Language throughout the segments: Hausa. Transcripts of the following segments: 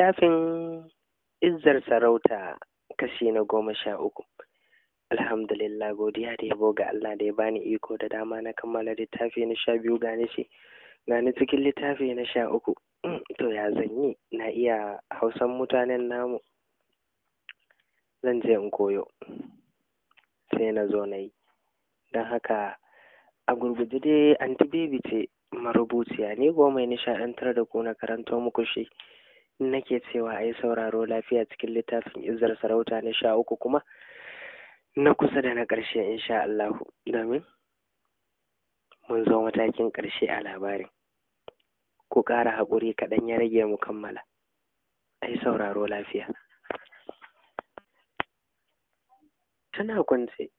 littafin izzar sarauta kashi na goma sha uku alhamdulillah godiya da yabo ga Allah da ya bani iko da dama na kammala littafi na sha biyu gane shi ni cikin littafi na sha uku to ya zanyi na iya hausan mutanen namu zan je in koyo sai na zo na yi don haka a gurguje dai anti ce marubuciya ne goma ɗan nishaɗantar da ku na karanto muku shi nake cewa a sauraro lafiya cikin littafin izar sarauta na sha uku kuma na kusa da na ƙarshe insha Allah, domin mun zo matakin ƙarshe a labarin ku ƙara haƙuri kaɗan ya rage mu kammala a sauraro lafiya tana kwance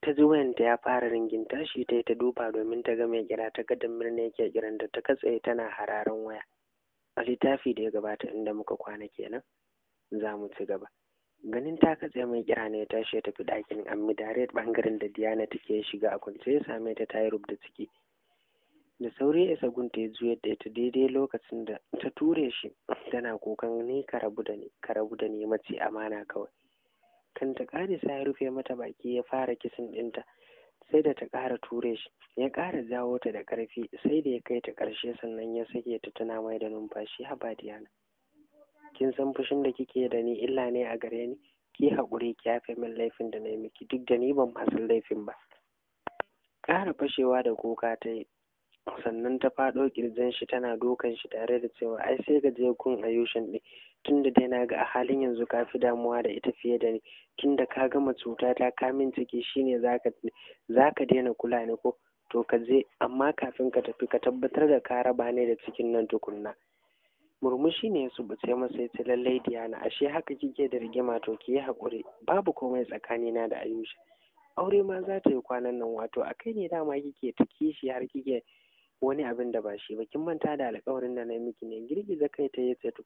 ta ji wayanta ya fara ringin tashi ta yi ta duba domin ta ga mai kira ta gadon murna yake kiranta ta katse tana hararin waya a littafi da ya gabata inda muka kwana kenan za mu ci gaba ganin ta katse mai kira ne ya tashi ya tafi ɗakin ammi direct bangaren da diana take shiga a kwance ya same ta ta yi da ciki da sauri ya isa gunta ya juyar da ta daidai lokacin da ta ture shi tana kokan ni ka rabu da ni ka rabu da ni mace amana kawai kan ta sa ya rufe mata baki ya fara kisin ɗinta sai da ta ƙara ture shi ya ƙara jawo ta da ƙarfi sai da ya kai ta ƙarshe sannan ya sake ta tana mai da numfashi haba kin san fushin da kike da ni illa ne a gare ni ki haƙuri ki yafe min laifin da na yi miki duk da ni ban masu laifin ba ƙara fashewa da kuka ta yi sannan ta faɗo ƙirjin shi tana dukan shi tare da cewa ai sai ga je kun ayushin ɗin tunda dai na ga a halin yanzu ka fi damuwa da ita fiye da ni da ka gama cuta ta ka min ciki shine zaka zaka daina kula ni ko to ka je amma kafin ka tafi ka tabbatar da ka raba ni da cikin nan tukunna murmushi ne ya subuce masa ya ce lallai Diana ashe haka kike da rigima to ki yi haƙuri babu komai na da ayusha aure ma za ta yi kwanan nan wato a kai ne dama kike ta kishi har kike wani abin da ba shi ba kin manta da alƙawarin da na yi miki ne girgiza kai ta yi ce to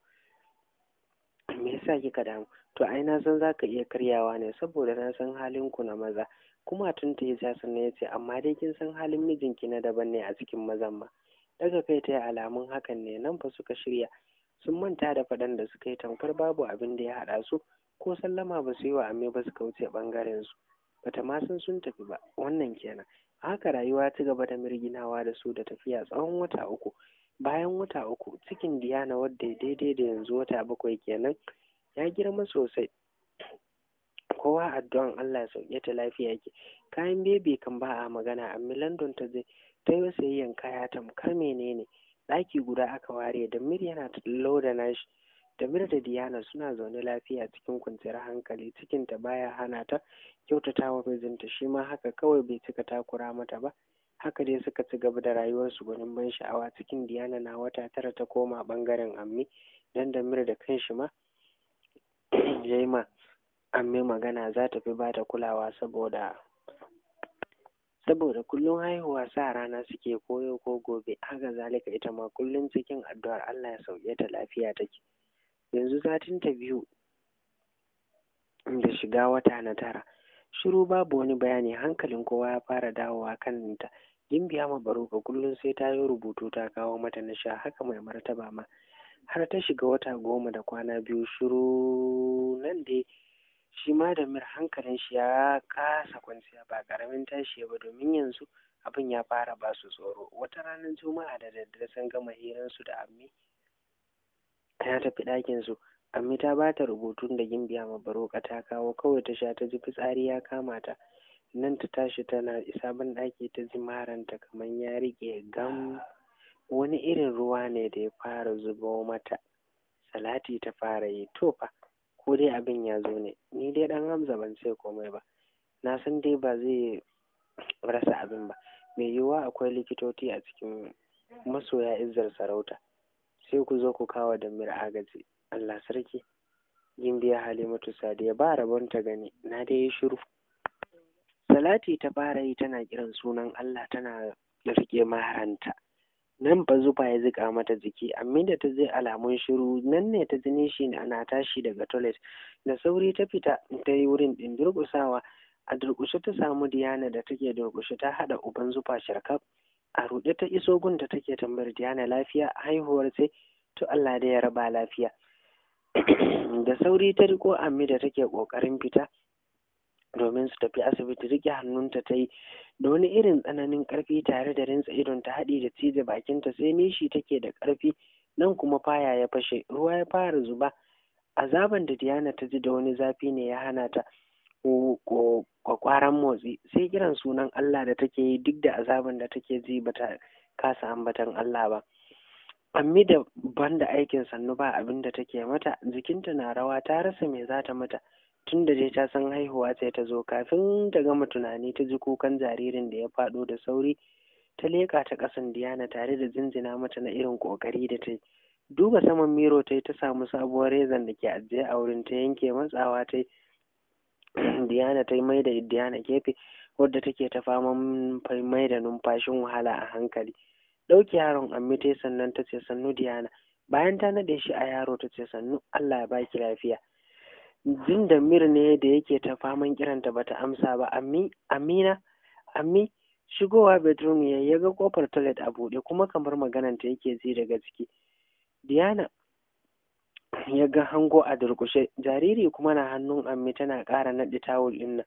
me yasa kika damu to ai na san zaka iya karyawa ne saboda na san halin ku na maza kuma tun ta yi sasan ne yace amma dai kin san halin mijinki na daban ne a cikin mazan ma daga kai ta yi alamun hakan ne nan fa suka shirya sun manta da faɗan da suka yi tamkar babu abin da ya haɗa su ko sallama ba su yi wa ame ba suka wuce ɓangaren su bata ma san sun tafi ba wannan kenan haka rayuwa ta gaba da mirginawa da su da tafiya tsawon wata uku bayan wata uku cikin diana wadda ya daidai da yanzu wata bakwai kenan ya girma sosai kowa addu'an Allah sauke ta lafiya ke. kayan bebe kan ba a magana amma London ta je ta yi sayayyan kaya tamkar menene ɗaki guda aka ware da mir yana tallo da nashi da mir da Diana suna zaune lafiya cikin kwanciyar hankali cikin ta baya hana ta kyautata wa shi ma haka kawai bai cika takura mata ba Haka dai suka ci gaba da rayuwarsu gwanin ban sha'awa cikin Diana na wata tara ta koma bangaren Amme don Damir da kanshi ma Amme magana za ta fi ba kulawa saboda saboda kullum haihuwa sa rana suke koyo ko gobe haka zalika ita ma kullum cikin addu'ar Allah ya sauke ta lafiya take yanzu satin ta biyu da shiga wata na tara shiru babu wani bayani hankalin kowa ya fara dawowa kan ta. gimbiya ma baroka kullum sai ta yi rubutu ta kawo mata na sha haka mai martaba ma har ta shiga wata goma da kwana biyu shiru nan dai shi ma da mir hankalin shi ya kasa kwanciya ba karamin tashi ba domin yanzu abin ya fara ba su tsoro wata ranar juma'a da daddare sun gama su da ammi ta tafi ɗakin su ammi ta ba ta rubutun da gimbiya ma baroka ta kawo kawai ta sha ta ji fitsari ya kama ta nan ta tashi tana isa ɗaki ta ji maranta kamar ya riƙe gam wani irin ruwa ne da ya fara zubo mata salati ta fara yi to fa ko dai abin ya zo ne ni dai 'dan hamza ban ce komai ba na san dai ba zai rasa abin ba mai yiwuwa akwai likitoci a cikin masoya izzar sarauta sai ku zo ku kawo da agaji allah sarki yin biya da sadiya ba rabon ta gani na dai yi shiru Salati ta fara yi tana kiran sunan Allah tana rike maharanta. Nan ba zufa ya zika mata jiki, amma da ta je alamun shiru nan ne ta jini shi na tashi daga toilet. Da sauri ta fita ta yi wurin ɗin durƙusawa, a durƙushe ta samu Diana da take durƙushe ta haɗa uban zufa sharkaf. A ruɗe ta iso gun da take tambayar Diana lafiya a haihuwar sai to Allah da ya raba lafiya. da sauri ta riko amma da take ƙoƙarin fita. domin su tafi asibiti rike hannunta ta yi da wani irin tsananin ƙarfi tare da rintsa idon ta haɗi da cije bakinta sai nishi take da ƙarfi nan kuma faya ya fashe ruwa ya fara zuba azaban da diana ta ji da wani zafi ne ya hana ta kwakwaran motsi sai kiran sunan allah da take yi duk da azaban da take ji bata kasa ambatan allah ba ammi da banda aikin sannu ba abin da take mata jikinta na rawa ta rasa me za ta mata tun da je ta san haihuwa sai ta zo kafin ta gama tunani ta ji kukan jaririn da ya faɗo da sauri ta leƙa ta ƙasan diyana tare da jinjina mata na irin ƙoƙari da ta yi duba saman miro ta yi ta samu sabuwar rezan da ke ajiye a wurin ta yanke matsawa ta yi diyana ta yi mai da diyana gefe wadda take ta fama mai da numfashin wahala a hankali ɗauki yaron ammi ta sannan ta ce sannu diyana bayan ta naɗe shi a yaro ta ce sannu allah ya baki lafiya jin da mir ne da yake ta faman kiranta bata amsa ba ammi amina ammi shigowa bedroom ya ya ga kofar toilet a bude, kuma kamar ta yake ji daga ciki diana ya ga hango a durƙushe jariri kuma na hannun ammi tana ƙara naɗi tawul din nan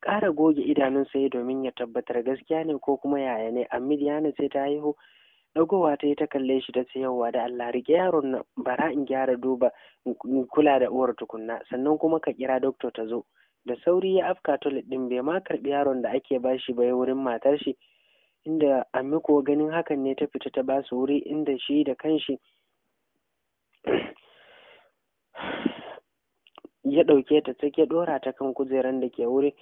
ƙara goge idanun sai domin ya tabbatar gaskiya ne ko kuma yaya ne ammi diana ce ta haihu dagowa ta yi ta kalle shi ta ce da Allah riƙe yaron nan bara in gyara duba kula da uwar tukunna sannan kuma ka kira doctor ta zo da sauri ya afka toilet din bai ma karbi yaron da ake bashi bai wurin matar shi inda amiko ganin hakan ne ta fita ta basu wuri inda shi da kanshi ya ɗauke ta take ɗora ta kan kujeran da ke wuri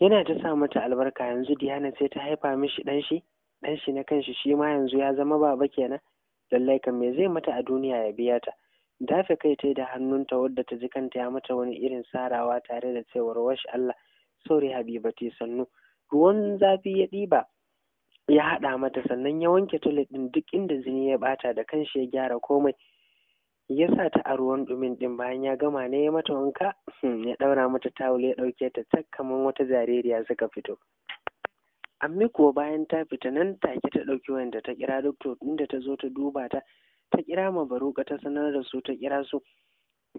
yana ta sa mata albarka yanzu Diana sai ta haifa mishi ɗan shi ɗan shi na kanshi shi ma yanzu ya zama baba kenan lallai kan me zai mata a duniya ya biya ta dafe kai ta da hannunta wadda ta ji kanta ya mata wani irin sarawa tare da cewar wash Allah sauri habibati sannu ruwan zafi ya ɗiba ya haɗa mata sannan ya wanke toilet ɗin duk inda jini ya bata da kanshi ya gyara komai ya sa ta a ruwan ɗumin ɗin bayan ya gama ne ya mata wanka hmm, ya ɗaura mata tawul ya ɗauke ta tak kamar wata jaririya suka fito amma kuwa bayan ta fita nan take ta ɗauki wayanta ta kira doktor inda ta zo ta duba ta ta kira ma baruka ta sanar da su ta kira su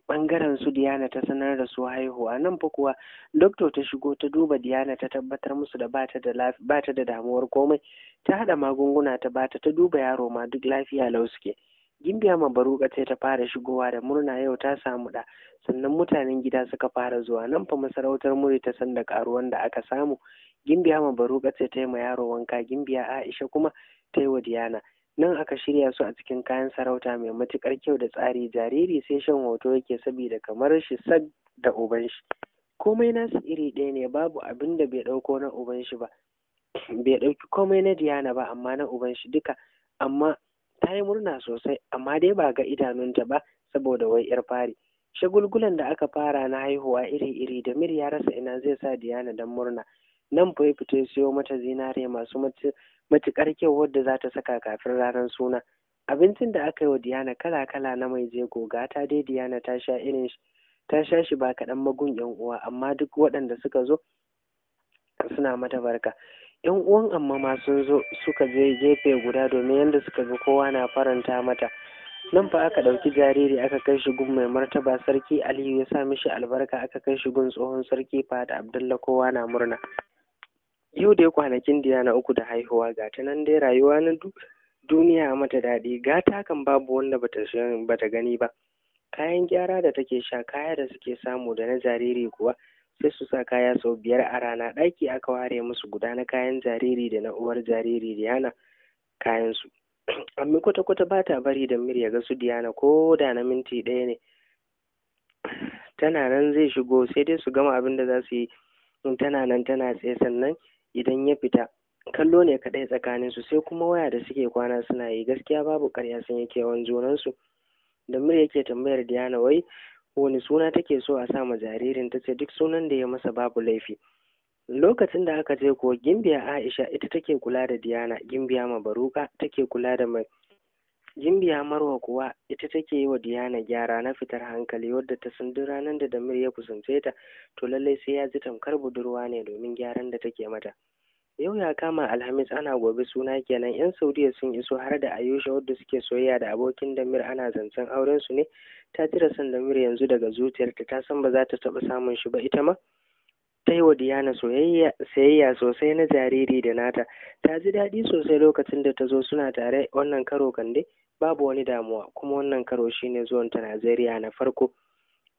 bangaren su Diana ta sanar da su haihuwa nan fa kuwa doctor ta shigo ta duba Diana ta tabbatar musu da bata da bata da damuwar komai ta hada magunguna ta bata ta duba yaro ma duk lafiya lau suke gimbiya ma baruka ta ta fara shigowa da murna yau ta samu da sannan mutanen gida suka fara zuwa nan fa masarautar muri ta san da karuwan da aka samu gimbiya mabaruka ce ta yi ma yaro wanka gimbiya aisha kuma ta yi wa diyana nan aka shirya su a cikin kayan sarauta mai matukar kyau da tsari jariri sai shan hoto yake sabida kamar shi sag da uban shi komai nasu iri ɗaya ne babu abin da bai ɗauko na uban shi ba bai ɗauki komai na diyana ba amma na uban shi duka amma ta yi murna sosai amma dai ba ga idanunta ba saboda wai yar fari shagulgulan da aka fara na haihuwa iri-iri da mir ya rasa ina zai sa diyana don murna nan fa ya fita ya siyo mata zinare masu matuƙar kyau wadda za ta saka kafin ranar suna abincin da aka yi wa Diana kala-kala na mai jego gata dai diana ta sha irin ta sha shi ba kaɗan magun yan uwa amma duk waɗanda suka zo suna mata barka yan uwan amma ma sun zo suka je gefe guda domin yadda suka zo kowa na faranta mata nan fa aka ɗauki jariri aka kai shi gun mai martaba sarki aliyu ya sa mishi albarka aka kai shi gun tsohon sarki Fada Abdullahi kowa na murna Yau dai kwanakin diyana uku da haihuwa ga ta nan dai rayuwa na duniya mata daɗi gata kan babu wanda bata gani ba kayan gyara da take sha kaya da suke samu da na jariri kuwa sai su sa kaya sau biyar a rana ɗaki aka ware musu guda na kayan jariri da na uwar jariri Diana kayan su amma kwata kwata ba ta bari da ya ga su Diana ko da na minti ɗaya ne tana nan zai shigo sai dai su gama abin da za su yi tana nan tana tsaye sannan idan ya fita kallo ne kaɗai tsakaninsu sai kuma waya da suke kwana suna yi gaskiya babu ƙarya sun yi kewan junansu da mur yake tambayar diana wai wani suna take so a sa ma jaririn ta ce duk sunan da ya masa babu laifi lokacin da aka je ko gimbiya aisha ita take kula da diana gimbiya mabaruka take kula da mai jimbiya Marwa kuwa ita take yi wa Diana gyara na fitar hankali wadda ta san duk ranar da Damir ya kusance ta to lallai sai ya ji tamkar budurwa ne domin gyaran da take mata. Yau ya kama Alhamis ana gobe suna kenan 'yan Saudiya sun iso har da Ayusha wadda suke soyayya da abokin Damir ana zancen auren su ne ta jira son Damir yanzu daga zuciyarta ta san ba za ta taɓa samun shi ba ita ma. ta yi wa Diana sayayya sosai na jariri da nata, ta ji daɗi sosai lokacin da ta zo suna tare wannan karo kande, babu wani damuwa kuma wannan karo shine zuwan ta Najeriya na farko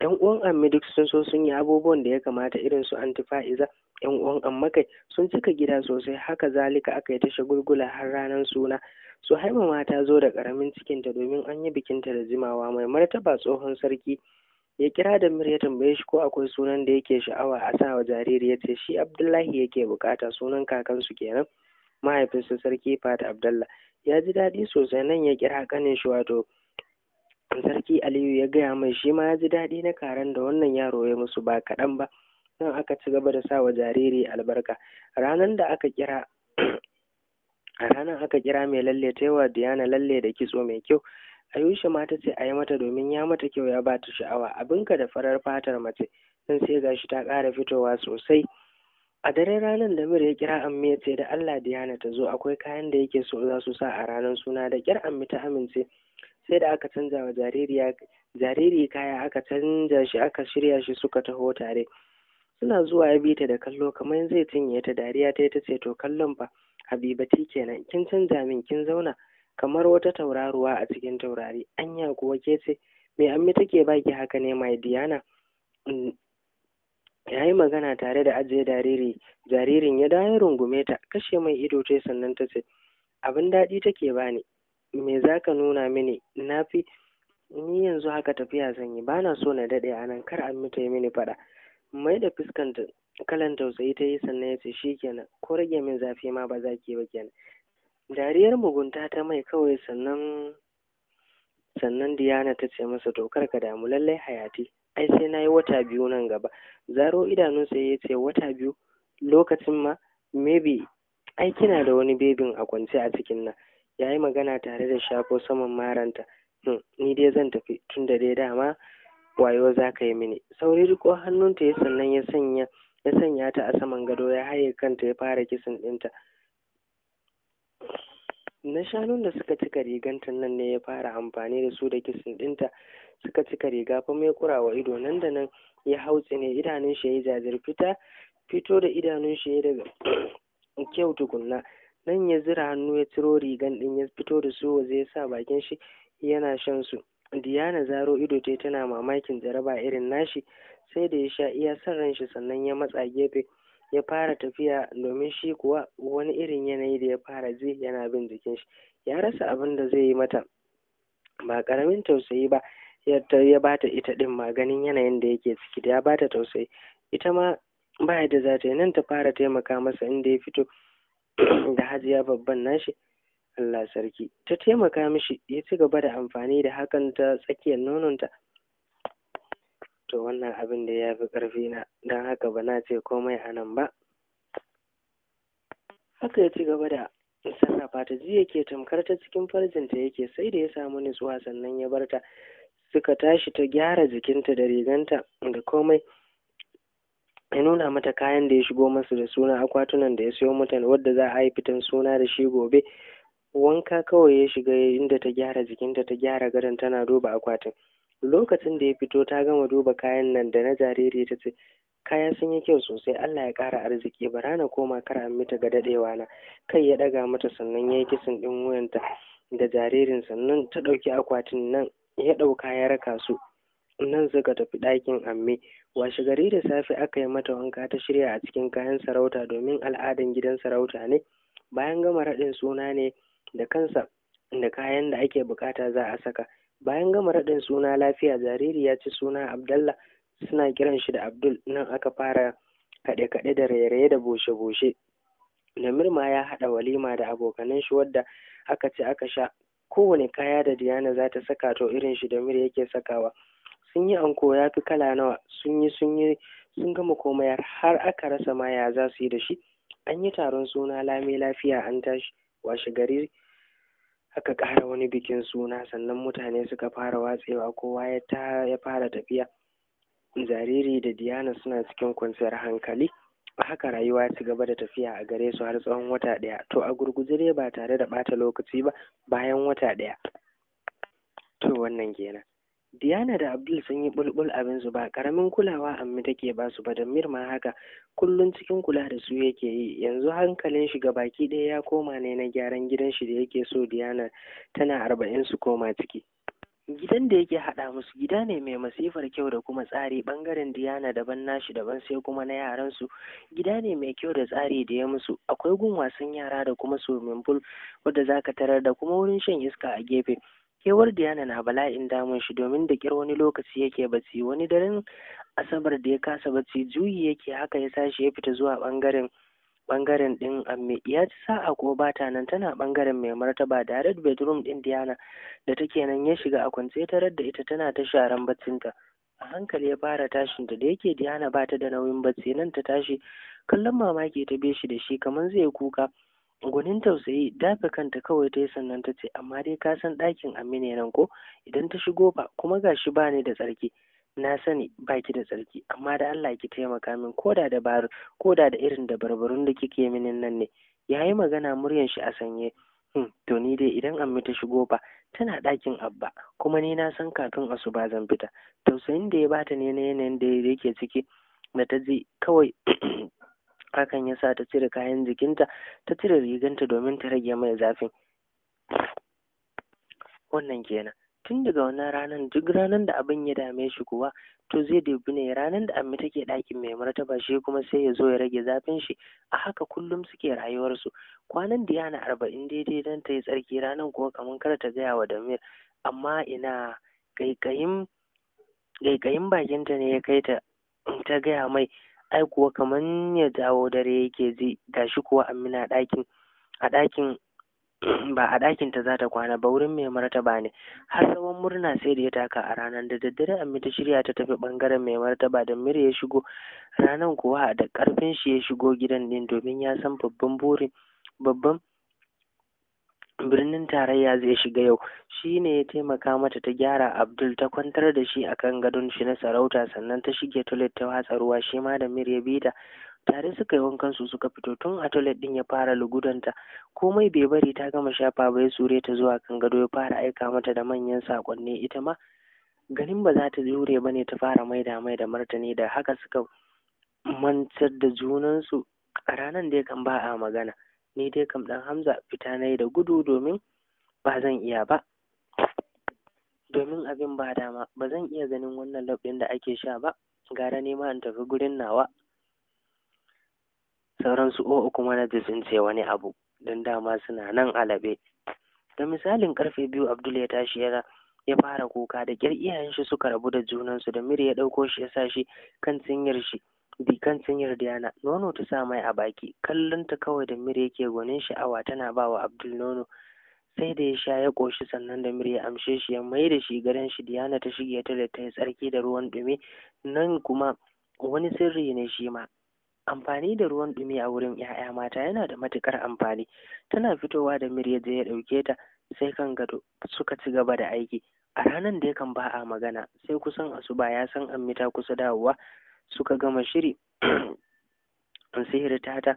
yan uwan amme duk sun so sun yi abubuwan da ya kamata irin su antifa'iza yan uwan amma sun cika gida sosai haka zalika aka yi ta shagulgula har ranar suna su haima ma ta zo da karamin cikinta domin an yi bikinta da jimawa mai martaba tsohon sarki ya kira da ya tambaye shi ko akwai sunan da yake sha'awa a sa wa jariri ya ce shi abdullahi yake bukata sunan kakansu kenan mahaifinsa sarki fata Abdullahi. ya ji daɗi sosai nan ya kira kanin shi wato sarki aliyu ya gaya mai shi ma ya ji daɗi na karen da wannan yaro ya musu ba kaɗan ba nan aka ci gaba da sa wa jariri albarka ranar da aka kira a ranar aka kira mai lalle ta yawa diana lalle da kitso mai kyau ayusha ma ta ce a yi mata domin ya mata kyau ya ba ta sha'awa abinka da farar fatar mace nan sai shi ta ƙara fitowa sosai a daren ranar da mir ya kira ammi ya ce da allah Diyana ta zo akwai kayan da yake so za su sa a ranar suna da kyar ammi ta amince sai da aka canza wa jaririya jariri kaya aka canza shi aka shirya shi suka taho tare suna zuwa ya bita da kallo kamar zai cinye ta dariya ta ta ce to kallon fa habibati kenan kin canza min kin zauna kamar wata tauraruwa a cikin taurari anya kuwa ke ce me ammi take baki haka ne mai diyana? ya yi magana tare da ajiye jariri jaririn ya dawo rungume ta kashe mai ido ta sannan ta ce abin daɗi take bani me za ka nuna mini na fi ni yanzu haka tafiya zan yi ba na so na daɗe a nan kar an mita mini faɗa mai da fuskanta kalan tausayi ta yi sannan ya ce shi kenan ko rage min zafi ma ba za ki ba kenan dariyar mugunta ta mai kawai sannan sannan diyana ta ce masa to kar ka damu lallai hayati ai sai na yi wata biyu nan gaba zaro idanunsa ya ce wata biyu lokacin ma maybe ai kina da wani bebin a kwance a cikin nan ya yi magana tare da shafo saman maranta hmm, ni dai zan tafi tun da dai dama wayo za ka yi mini sauri riko hannunta ya sannan ya sanya ya sanya ta a saman gado ya haye kanta ya fara kisan ɗinta na shanun da suka cika riganta nan ne ya fara amfani da su da kisin dinta suka cika riga fa mai kurawa ido nan da nan ya hau tsine idanun shi ya jajir fita fito da idanun shi daga kyau tukunna nan ya zira hannu ya ciro rigan din ya fito da su waje ya sa bakin shi yana shan su Diana zaro ido ta tana mamakin jaraba irin nashi sai da ya sha iya son ran shi sannan ya matsa gefe ya fara tafiya domin shi kuwa wani irin yanayi da ya fara ji yana bin jikin shi ya rasa abin da zai yi mata ba karamin tausayi ba ya bata ita din ma yanayin da yake ciki da ya bata tausayi ita ma ba da za ta yi nan ta fara taimaka masa inda ya fito da hajiya babban nashi Allah sarki ta taimaka mishi ya ci gaba da amfani da hakan ta tsakiyar nononta to wannan abin da ya fi ƙarfi na don haka ba na ce komai a nan ba haka ya ci gaba da sarrafa ta ji yake tamkar ta cikin farjinta yake sai da ya samu nutsuwa sannan ya barta suka tashi ta gyara jikinta da riganta da komai ya nuna mata kayan da ya shigo masu da suna akwatunan da ya sayo mata wadda za a yi fitan suna da shi gobe wanka kawai ya shiga inda ta gyara jikinta ta gyara gadon tana duba akwatin lokacin da ya fito ta gama duba kayan nan da na jariri ta ce kaya sun yi kyau sosai Allah ya ƙara arziki bara na koma kar a mita ga dadewa na kai ya ɗaga mata sannan ya yi kisan ɗin wuyanta da jaririn sannan ta ɗauki akwatin nan ya ɗauka ya raka su nan suka tafi ɗakin amme washe gari da safe aka yi mata wanka ta shirya a cikin kayan sarauta domin al'adan gidan sarauta ne bayan gama raɗin suna ne da kansa da kayan da ake bukata za a saka Bayan gama raɗin suna lafiya jariri ya ci suna Abdallah suna kiran shi da Abdul nan aka fara kaɗe-kaɗe da raye-raye da boshe-boshe. Namir ma ya haɗa walima da abokanan shi wadda aka ci aka sha kowane kaya da Diana za ta saka to irin shi da yake sakawa. Sun yi anko ya fi kala nawa sun yi sun yi sun gama komai har aka rasa ma ya za su yi da shi. An yi taron suna lami lafiya an tashi washe gari aka ƙara wani bikin suna sannan mutane suka fara watsewa kowa ya ta ya fara tafiya jariri da diana suna cikin kwanciyar hankali a haka rayuwa ci gaba da tafiya a gare su har tsawon wata ɗaya to a gurguje ba tare da ɓata lokaci ba bayan wata ɗaya to wannan kenan Diana da Abdul sun yi bulbul abin su ba karamin kulawa amma take ba su ba da mirma haka kullun cikin kula da su yake yi yanzu hankalin shi baki ɗaya ya koma ne na gyaran gidan shi da yake so Diana tana arba'in su koma ciki. Gidan da yake haɗa musu gida ne mai masifar kyau da kuma tsari ɓangaren Diana daban nashi daban sai kuma na yaran su gida ne mai kyau da tsari da ya musu akwai gun wasan yara da kuma swimming pool wadda zaka tarar da kuma wurin shan iska a gefe. kewar Diana na bala'in damun shi domin da kyar wani lokaci yake bacci wani daren asabar da ya kasa bacci juyi yake haka ya sashi ya fita zuwa bangaren bangaren din amme ya ci sa'a ko bata nan tana bangaren mai martaba direct bedroom din Diana da take nan ya shiga a kwance tarar da ita tana ta sharan baccinta a hankali ya fara tashin ta da yake Diana bata da nauyin bacci nan ta tashi kallon mamaki ta bi shi da shi kamar zai kuka Gunin tausayi dafe kanta kawai ta yi sannan ta ce amma dai ka san ɗakin amine nan ko idan ta shigo ba kuma ga shi ba ni da tsarki na sani ba ki da tsarki amma da Allah ki taimaka min Ko da dabaru ko da irin dabarbarun da kike mini nan ne Ya yi magana muryan shi a sanye hmm, to ni dai idan ammi ta shigo ba tana ɗakin abba kuma ni na san kafin asuba zan fita tausayin da ya bata ne na yanayin da yake ciki da ta ji kawai hakan yasa ta cire kayan jikinta ta cire riganta domin ta rage mai zafin wannan kenan tun daga wannan ranar duk ranar da abin ya dame shi kuwa to zai dubi ne ranar da amma take ɗakin mai martaba shi kuma sai ya zo ya rage zafin shi a haka kullum suke rayuwarsu kwanan da yana arba'in daidai don ta yi tsarki ranar kuwa kamar kar ta gaya wa damir amma ina kaikayin bakinta ne ya kai ta ta gaya mai ai kuwa kaman ya dawo dare yake ji gashi kuwa Amina ɗakin a ɗakin ba a ɗakin ta za ta kwana ba wurin mai martaba ne har tsawon murna sai da ya taka a ranar da daddare ammi ta shirya ta tafi ɓangaren mai martaba da miri ya shigo ranar kuwa da ƙarfin shi ya shigo gidan ɗin, domin ya san babban burin babban birnin tarayya zai shiga yau shi ne ya taimaka mata ta gyara abdul ta kwantar da shi akan gadon shi na sarauta sannan ta shige toilet ta watsa ruwa shi ma da mir ya bi ta tare suka yi wankan su suka fito tun a toilet din ya fara lugudanta komai bai bari ta gama shafa bai sure ta zuwa kan gado ya fara aika mata da manyan sakonni ita ma ganin ba za ta jure ba ne ta fara maida mai da martani da haka suka mantar da junansu a ranar da ya kan ba a magana ni dai kam ɗan hamza fita na yi da gudu domin ba zan iya ba domin abin ba dama ba zan iya ganin wannan lab ɗin da ake sha ba gara nema in tafi gurin nawa sauransu o'o kuma na ce wani abu don dama suna nan alabe da misalin karfe biyu abdul ya tashi yana ya fara kuka da ƙyar iyayen shi suka rabu da junansu da miri ya ɗauko shi ya sa shi kan cinyar shi Dikan sun yarda yana nono ta sa mai a baki kallon ta kawai da mire yake gwanin sha'awa tana ba wa Abdul nono sai da ya sha ya ƙoshi sannan da ya amshe shi ya mai da shi gadon shi Diana ta shige ta da ta yi tsarki da ruwan ɗumi nan kuma wani sirri ne shi ma amfani da ruwan ɗumi a wurin 'ya'ya mata yana da matuƙar amfani tana fitowa da mire je ya ɗauke ta sai kan gado suka ci gaba da aiki a ranar da yakan ba a magana sai kusan asuba ya san ammi kusa dawowa suka gama shiri sihir ta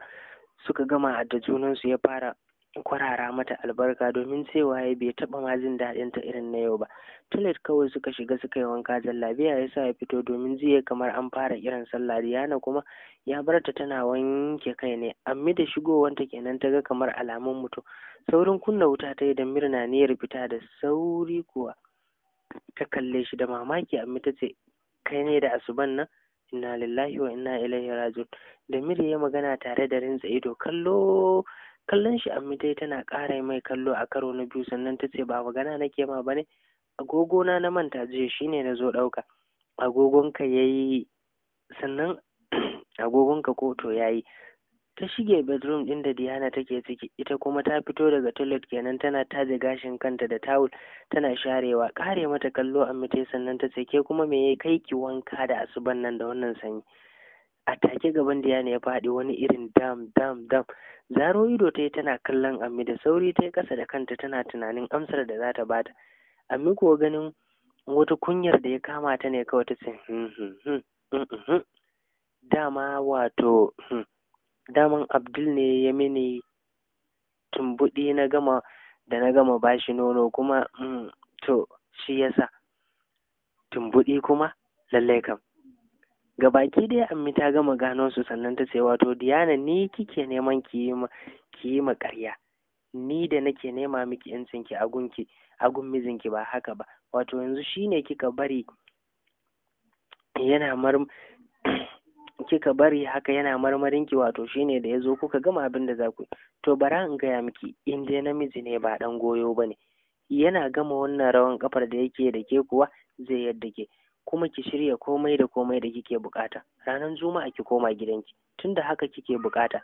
suka gama da junansu ya fara kwarara mata albarka domin sai ya bai taba ma jin daɗin ta irin na yau ba toilet kawai suka shiga suka yi wanka biya ya sa ya fito domin jiya kamar an fara irin sallah diyana kuma ya bar ta tana wanke kai ne amma da ta kenan ta ga kamar alamun mutum saurin kunna wuta ta yi da mirna niyyar fita da sauri kuwa ta kalle shi da mamaki amma ta ce kai ne da asuban nan inna lillahi wa inna ilaihi raji'un damir ya magana tare da rintsa ido kallo kallon shi amitai tana ƙara mai kallo a karo na biyu sannan ta ce ba magana nake ma bane agogona na manta jiya shine na zo ɗauka agogonka yayi sannan agogonka ko to yayi ta shige bedroom ɗin da Diana take ciki ita kuma ta fito daga toilet kenan tana taje gashin kanta da tawul tana sharewa kare mata kallo amite sannan ta ce kuma me ya kai ki wanka da asuban nan da wannan sanyi a take gaban Diana ya faɗi wani irin dam dam dam zaro ido ta yi tana kallon ammi da sauri ta yi ƙasa da kanta tana tunanin amsar da za ta bata ammi ko ganin wata kunyar da ya kama ta ne kawai ta ce hmm, hmm, hmm, dama wato daman abdul ne ya mini tumbuɗi na gama da na gama bashi nono kuma mm, to shi yasa tumbuɗi kuma lallai kam gabaki dai ammi ta gama gano su sannan ta ce wato diana ni kike neman ki yi ma ƙarya ni da nake nema miki yancin ki a gunki a gun mijinki ba haka ba wato yanzu shine kika bari yana mar kika bari haka yana marmarin ki wato shine da yazo kuka gama abin da za ku to bara in gaya miki in dai namiji ne ba dan goyo bane yana gama wannan rawan kafar da yake da ke kuwa zai yadda ke kuma ki shirya komai da komai da kike bukata ranar juma'a ki koma gidanki tunda haka kike bukata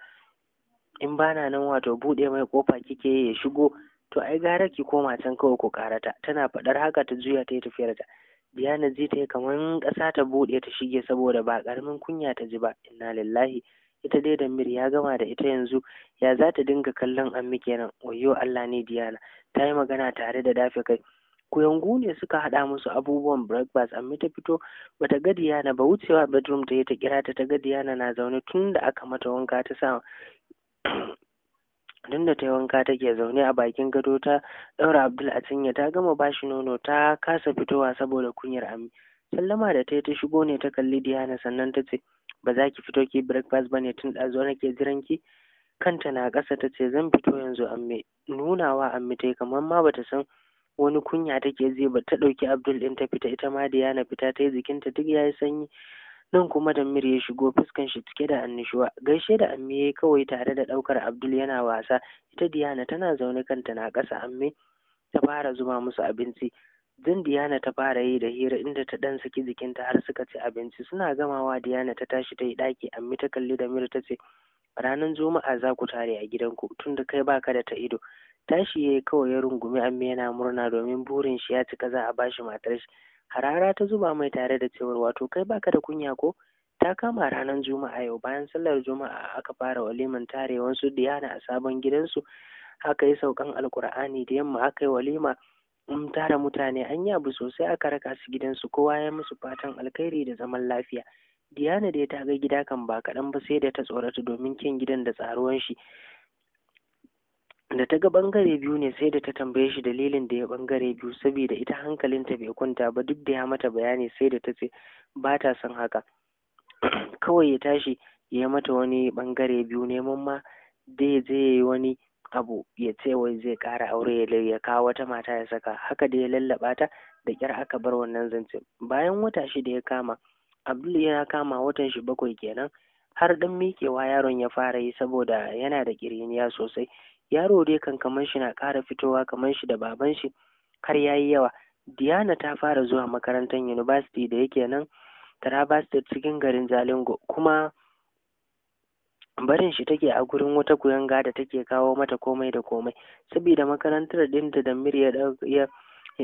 in bana nan wato bude mai kofa kike ya shigo to ai gara ki koma can kawai ku karata tana faɗar haka ta juya ta yi tafiyarta Diana ji ta yi kamar ƙasa ta buɗe ta shige saboda ba ƙaramin kunya ta ji ba inna lillahi ita dai da mir ya gama da ita yanzu ya za ta dinga kallon ammi kenan wayyo Allah ne diyana! ta yi magana tare da dafe kai kuyangu ne suka haɗa musu abubuwan breakfast amma ta fito bata ga diyana. ba wucewa bedroom ta yi ta kira ta ta ga diyana na zaune tun da aka mata wanka ta sa tun da ta yi wanka take zaune a bakin gado ta ɗaura abdul a cinya ta gama ba shi nono ta kasa fitowa saboda kunyar ami sallama da ta yi ta shigo ne ta kalli diana sannan ta ce ba za ki fito ki breakfast ba ne tun ɗazu nake jiran ki kanta na ƙasa ta ce zan fito yanzu amme nunawa amme ta kamar ma bata san wani kunya take ji ba ta ɗauki abdul ɗin ta fita ita ma diana fita ta yi jikinta duk ya yi sanyi nan kuma Dammir ya shigo fuskan shi cike da annishuwa gaishe da amme yayi kawai tare da ɗaukar Abdul yana wasa ita Diana tana zaune kanta na ƙasa amme ta fara zuba musu abinci Jin Diana ta fara yi da hira inda ta dan saki jikinta har suka ci abinci suna gamawa Diana ta tashi ta yi ɗaki ammi ta kalli Damir ta ce ranar Juma'a za ku tare a gidanku tunda kai baka da ta ido tashi yayi kawai ya rungumi ammi yana murna domin burin shi ya cika za a bashi matar shi harara ta zuba mai tare da cewar wato kai baka da kunya ko ta kama ranar juma'a yau bayan sallar juma'a aka fara waliman tare su diyana a sabon gidansu aka yi saukan alkur'ani da yamma aka yi walima in tara mutane an yabu sosai aka raka su gidansu kowa ya musu fatan alkhairi da zaman lafiya diyana da ta ga gida kan ba kaɗan ba sai da ta tsorata domin kyan gidan da tsaruwan shi da ta ga bangare biyu ne sai da ta tambaye shi dalilin da ya bangare biyu saboda ita hankalinta bai kwanta ba duk da ya mata bayani sai da ta ce ba ta son haka kawai ya tashi ya mata wani bangare biyu neman ma dai zai yi wani abu ya ce wai zai kara aure ya kawo wata mata ya saka haka da ya lallaba ta da kyar aka bar wannan zance bayan wata shida ya kama abdul ya kama watan shi bakwai kenan har dan mikewa yaron ya fara yi saboda yana da kiriniya sosai yaro dai kan kamar shi na ƙara fitowa kamar shi da baban shi har yi yawa Diana ta fara zuwa makarantar university da yake nan Taraba State cikin garin Zalingo, kuma barin shi take a gurin wata kuyanga da take kawo mata komai da komai saboda makarantar dinta da Mir ya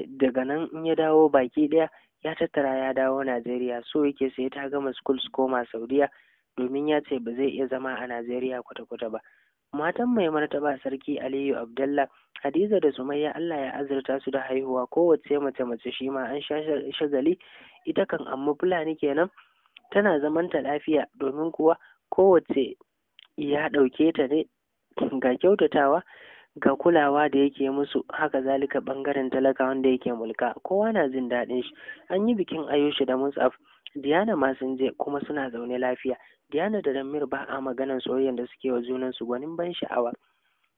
daga nan in ya dawo baki ɗaya ya tattara ya dawo Najeriya so yake sai ta gama school su koma Saudiya domin ya ce ba zai iya zama a Najeriya kwata-kwata ba matan mai martaba sarki aliyu abdallah hadiza da sumayya allah ya azurta su da haihuwa kowace mace mace shi ma an shagali ita kan amma fulani kenan tana zamanta lafiya domin kuwa kowace ya ɗauke ta ne ga kyautatawa ga kulawa da yake musu haka zalika bangaren talakawan da yake mulka kowa na jin daɗin shi an yi bikin ayushi da musaf Diana ma kuma suna zaune lafiya Diana da Damir ba a maganar soyayyar da suke wa junan su gwanin ban sha'awa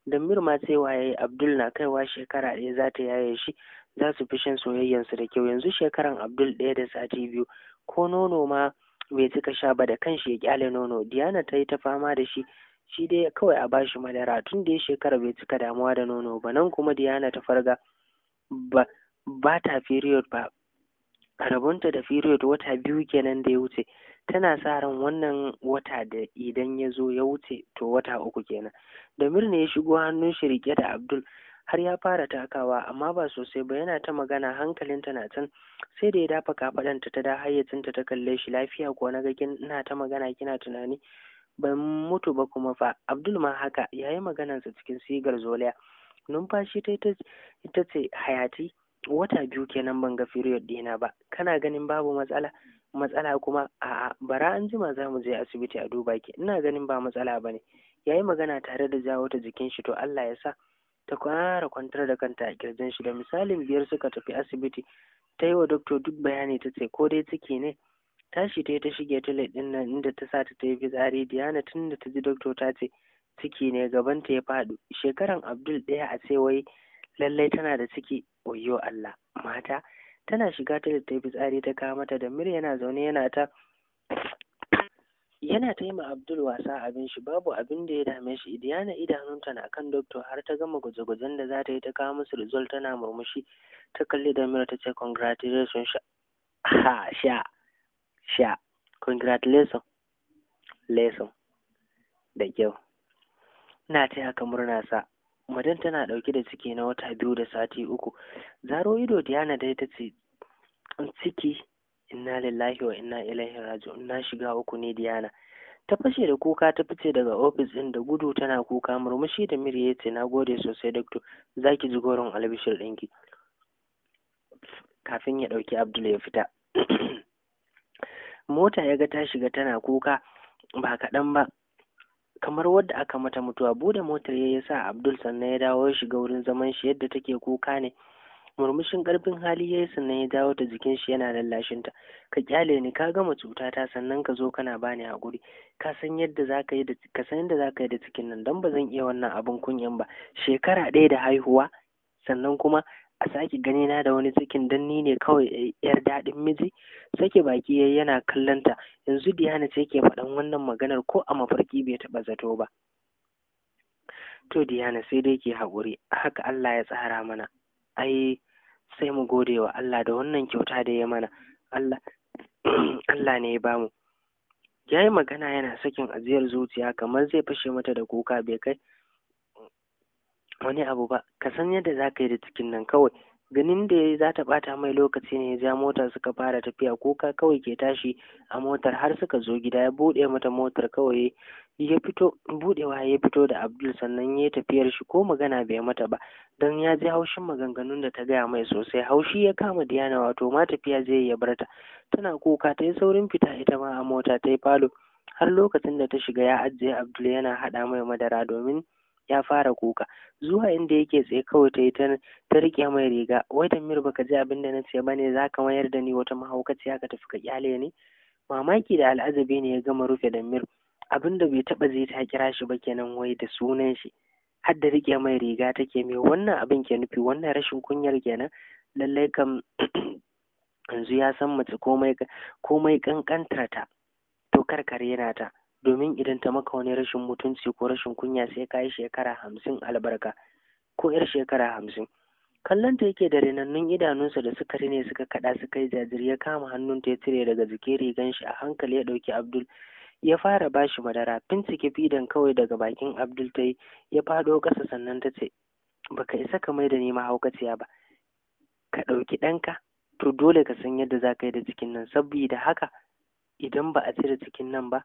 Damir ma sai waye Abdul na kaiwa shekara ɗaya za ta yaye shi za su fi shan soyayyar su da kyau yanzu shekaran Abdul ɗaya da sati biyu ko nono ma bai cika sha ba da kanshi ya kyale nono Diana ta yi ta fama da shi shi dai kawai a bashi madara tun da ya shekara bai cika damuwa da nono ba nan kuma Diana ta farga ba ba ta period ba rabonta da period wata biyu kenan da ya wuce tana sa ran wannan wata da idan ya zo ya wuce to wata uku kenan da mirna ya shigo hannun shi rike da abdul har ya fara takawa amma ba sosai ba yana ta magana hankalinta na can sai da ya dafa kafaɗanta ta da hayyacinta ta kalle shi lafiya ko na ga ina ta magana kina tunani ban mutu ba kuma fa abdul ma haka yayi maganarsa cikin sigar zoliya numfashi ta ita ce hayati wata biyu kenan ban ga period dina ba kana ganin babu matsala matsala kuma a'a bara an jima za mu je asibiti a duba ki ina ganin ba matsala ba ne yayi magana tare da jawo ta jikin shi to Allah ya sa ta kwara kwantar da kanta a kirjin shi da misalin biyar suka tafi asibiti ta yi wa doktor duk bayani ta ce ko dai ciki ne tashi ta ta shige toilet din nan inda ta sa ta ta yi fitsari Diana tun da ta ji doctor ta ce ciki ne gaban ta ya faɗo shekaran Abdul ɗaya a ce wai lallai tana da ciki oyo Allah mata tana shiga toilet ta yi fitsari ta kawo mata da mir yana zaune yana ta yana ta yi ma Abdul wasa abin shi babu abin da ya dame shi Diana idanunta na kan doctor har ta gama gwaje-gwajen da za ta yi ta kawo musu result tana murmushi ta kalli da ta ce congratulations sha sha congratulations lesson da kyau ina ta haka murna sa madan tana ɗauke da ciki na wata biyu da sati uku zaro ido diana dai ta ce ciki inna lillahi wa inna ilaihi raji'un na shiga uku ne diana ta fashe da kuka ta fice daga ofis ɗin da gudu tana kuka murmushi da miri ya ce na gode sosai doctor zaki ji goron albishir ɗinki kafin ya ɗauki abdul ya fita mota ya ga ta shiga tana kuka ba kaɗan ba kamar wadda aka mata mutuwa bude motar ya yi sa abdul sannan ya dawo ya shiga wurin zaman shi yadda take kuka ne murmushin ƙarfin hali ya yi sannan ya dawo ta jikin shi yana lallashin ta ka kyale ni ka gama cutata sannan ka zo kana bani hakuri ka san yadda zaka yi da ka san yadda zaka yi da cikin nan dan ba zan iya wannan abin kunyan ba shekara ɗaya da haihuwa sannan kuma a sake gani na da wani cikin dan ni ne kawai eh, yar daɗin miji sake baki yayi yana kallonta yanzu Diana ce ke faɗan wannan maganar ko a mafarki bai taɓa zato ba to Diana sai dai ke haƙuri haka Allah ya tsara mana ai sai mu gode wa Allah da wannan kyauta da ya mana Allah Allah ne ya bamu yayi magana yana sakin ajiyar zuciya kamar zai fashe mata da kuka bai kai wani abu ba ka san yadda za ka yi da cikin nan kawai ganin da yayi za ta ɓata mai lokaci ne ya ja motar suka fara tafiya kuka kawai ke tashi a motar har suka zo gida ya buɗe mata motar kawai ya fito buɗewa ya fito da abdul sannan ya tafiyar shi ko magana bai mata ba don ya ji haushin maganganun da ta gaya mai sosai haushi ya kama diana wato ma tafiya zai ya barta tana kuka ta yi saurin fita ita ma a mota ta yi falo har lokacin da ta shiga ya ajiye abdul yana haɗa mai madara domin ya fara kuka zuwa inda yake tsaye kawai ta yi ta riƙe mai riga wai tamir baka ji abin da na ce ne? za ka mayar da ni wata mahaukaciya ka tafi ka ƙyale ni mamaki da al'ajabi ne ya gama rufe damir abin da bai taba zai ta kira shi ba kenan wai da sunan shi har da rike mai riga take mai wannan abin ke nufi wannan rashin kunyar kenan lallai kam yanzu ya san mace komai komai kankantar ta to ka yana ta domin idan ta maka wani rashin mutunci ko rashin kunya sai ka yi shekara hamsin albarka ko yar shekara hamsin kallon ta yake da renannun idanunsa da suka rine suka kada suka yi jajiri ya kama hannunta ya cire daga jikin rigan shi a hankali ya ɗauki abdul ya fara bashi madara bincike fidan kawai daga bakin abdul ta yi ya fado kasa sannan ta ce baka isa ka mai da ni haukaciya ba ka ɗauki ɗanka to dole ka san yadda za ka yi da cikin nan saboda haka idan ba a cire cikin nan ba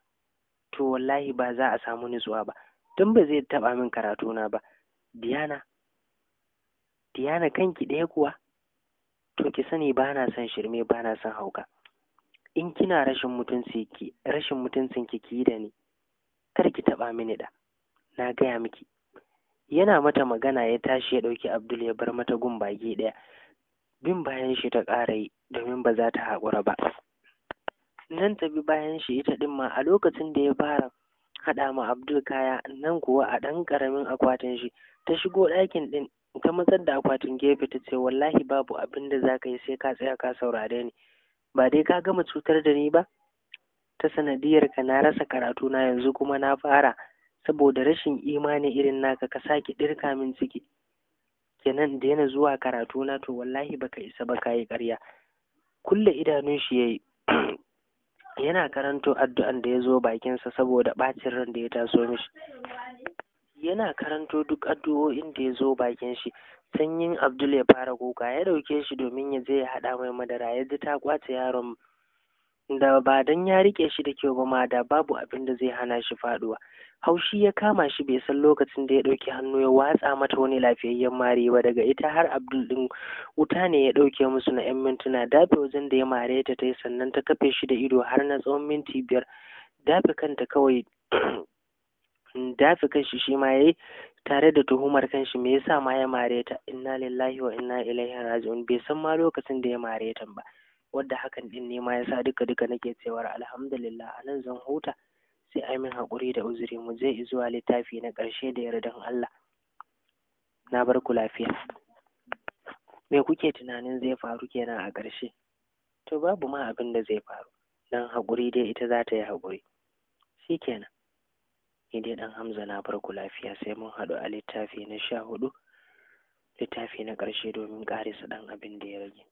to wallahi ba za a samu nutsuwa ba tun ba zai taɓa min karatuna ba diyana diyana kanki ɗaya kuwa to ki sani ba na son shirme ba na son hauka in kina rashin mutunci ki rashin mutuncin ki ki da ni kar ki taɓa mini da na gaya miki yana mata magana ya tashi ya ɗauki abdul ya bar mata gun baki ɗaya bin bayan shi ta ƙara yi domin ba za ta haƙura ba nan ta bi bayan shi ita ɗin ma a lokacin da ya fara haɗa ma Abdul kaya nan kuwa a ɗan ƙaramin akwatin shi ta shigo ɗakin ɗin ta matsar da akwatin gefe ta ce wallahi babu abin da za ka yi sai ka tsaya ka saurare ni ba dai ka gama cutar da ni ba ta sanadiyar ka na rasa karatu na yanzu kuma na fara saboda rashin imani irin naka ka sake ɗirka min ciki kenan daina zuwa karatu na to wallahi baka isa ba ka yi ƙarya kulle idanun shi yi. yana karanto addu'an da ya zo bakinsa saboda ɓacin ran da ya taso mishi yana karanto duk addu'o'in da ya zo bakin shi sanyin abdul ya fara kuka ya ɗauke shi domin ya je ya haɗa mai madara ya ji ta kwace yaron da ba don ya rike shi da kyau ba ma da babu abin da zai hana shi faɗuwa. haushi ya kama shi bai san lokacin da ya ɗauki hannu ya watsa mata wani lafiyayyen mare ba daga ita har abdul din wuta ne ya ɗauke musu na yan mintuna dafe wajen da ya mare ta tai sannan ta kafe shi da ido har na tsawon minti biyar dafe kanta kawai dafe kanshi shi ma yayi tare da tuhumar kanshi me yasa ma ya mare ta inna lillahi wa inna ilaihi raji'un bai san ma lokacin da ya mare ta ba wadda hakan din ne ma sa duka duka nake cewar alhamdulillah a nan zan huta sai amin min haƙuri da uzuri mu je zuwa littafi na ƙarshe da yardan Allah na bar ku lafiya me kuke tunanin zai faru kenan a ƙarshe to babu ma abin da zai faru dan haƙuri dai ita za ta yi haƙuri shikenan ni dai dan Hamza na bar ku lafiya sai mun haɗu a littafi na sha hudu littafi na ƙarshe domin ƙarisa ɗan abin da ya rage